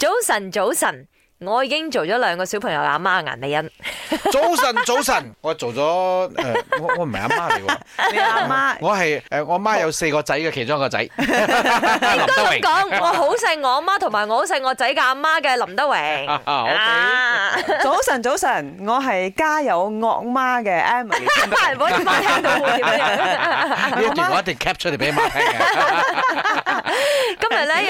早晨，早晨，我已經做咗兩個小朋友阿媽顏麗欣。早晨，早晨，我做咗，誒，我我唔係阿媽嚟㗎。你阿媽，我係，誒，我媽有四個仔嘅其中一個仔。應該咁講，我好錫我阿媽，同埋我好錫我仔嘅阿媽嘅林德榮。啊，早晨，早晨，我係家有惡媽嘅 Emma。唔好聽到呢一段，呢一段我一定 cap 出嚟俾阿媽聽嘅。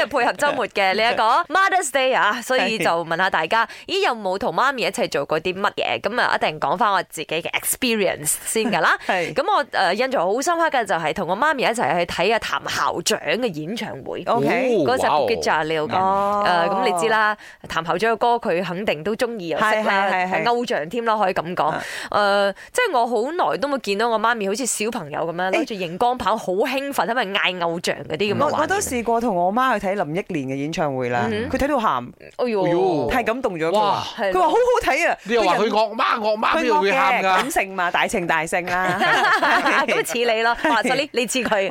配合周末嘅呢一個 Mother’s Day 啊，所以就問下大家，咦，有冇同媽咪一齊做過啲乜嘢？咁啊，一定講翻我自己嘅 experience 先㗎啦。係。咁我誒印象好深刻嘅就係同我媽咪一齊去睇阿譚校長嘅演唱會 OK。嗰首 Okay,、哦《古劍驕聊》啊，誒咁、哦呃、你知啦，譚校長嘅歌佢肯定都中意又識啦，偶像添咯，可以咁講，誒，即係我好耐都冇見到我媽咪好似小朋友咁樣攞住熒光棒好興奮，因為嗌偶像啲咁樣、嗯、我都試過同我媽去睇。睇林憶蓮嘅演唱會啦，佢睇、mm. 嗯、到喊，哎呦，太感動咗，佢話、哎、喲好好睇啊，你又話佢惡媽惡媽邊度會喊噶？感性嘛大情大性啦，咁似你咯，你似佢，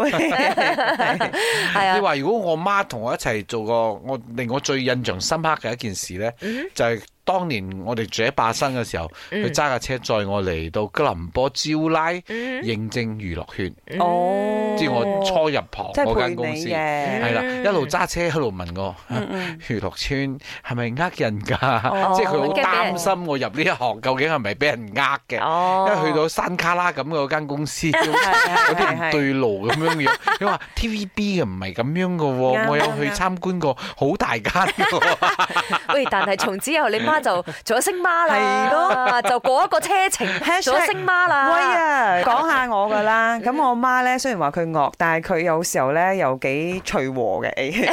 係啊。你話如果我媽同我一齊做過，我令我最印象深刻嘅一件事咧，就係、是。當年我哋住喺巴生嘅時候，佢揸架車載我嚟到吉隆坡招拉，應徵娛樂圈。哦，即係我初入行嗰間公司，係啦，一路揸車一路問我，娛樂圈係咪呃人噶？哦、即係佢好擔心我入呢一行究竟係咪俾人呃嘅？哦，因為去到山卡拉咁嘅嗰間公司，哦、有啲唔對路咁樣，嗯嗯、樣。佢話 TVB 嘅唔係咁樣噶，我有去參觀過好大間。喂、嗯，但係從之後你就做咗星媽啦，就過一個車程，做咗星媽啦。威啊！講下我㗎啦，咁我媽咧雖然話佢惡，但係佢有時候咧又幾隨和嘅。因為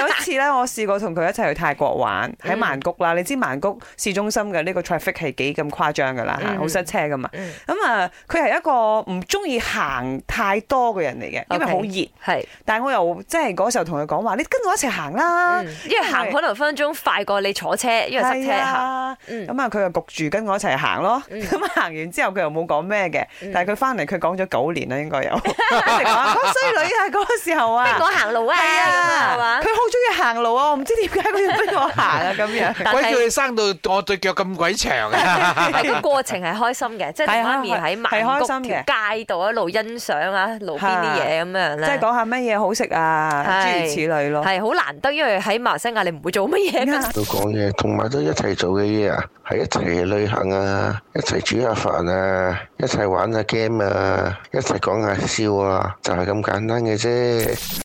有一次咧，我試過同佢一齊去泰國玩，喺曼谷啦。你知曼谷市中心嘅呢個 traffic 係幾咁誇張㗎啦，好塞車㗎嘛。咁啊，佢係一個唔中意行太多嘅人嚟嘅，因為好熱。係，但係我又即係嗰時候同佢講話，你跟我一齊行啦，因為行可能分分鐘快過你坐車，因為塞車。咁啊佢又焗住跟我一齊行咯，咁啊，行完之後佢又冇講咩嘅，但係佢翻嚟佢講咗九年啦應該有。嗰衰女啊嗰個時候啊，逼我行路啊，係啊，佢好中意行路啊，我唔知點解佢要逼我行啊咁樣，鬼叫你生到我對腳咁鬼長啊。係個過程係開心嘅，即係一面喺馬六甲心嘅，街道一路欣賞啊路邊啲嘢咁樣，即係講下乜嘢好食啊諸如此類咯，係好難得，因為喺馬來西亞你唔會做乜嘢啦，都講嘢，同埋都一齊。做嘅嘢啊，係一齊旅行啊，一齊煮下飯啊，一齊玩下 game 啊，一齊講下笑啊，就係咁簡單嘅啫。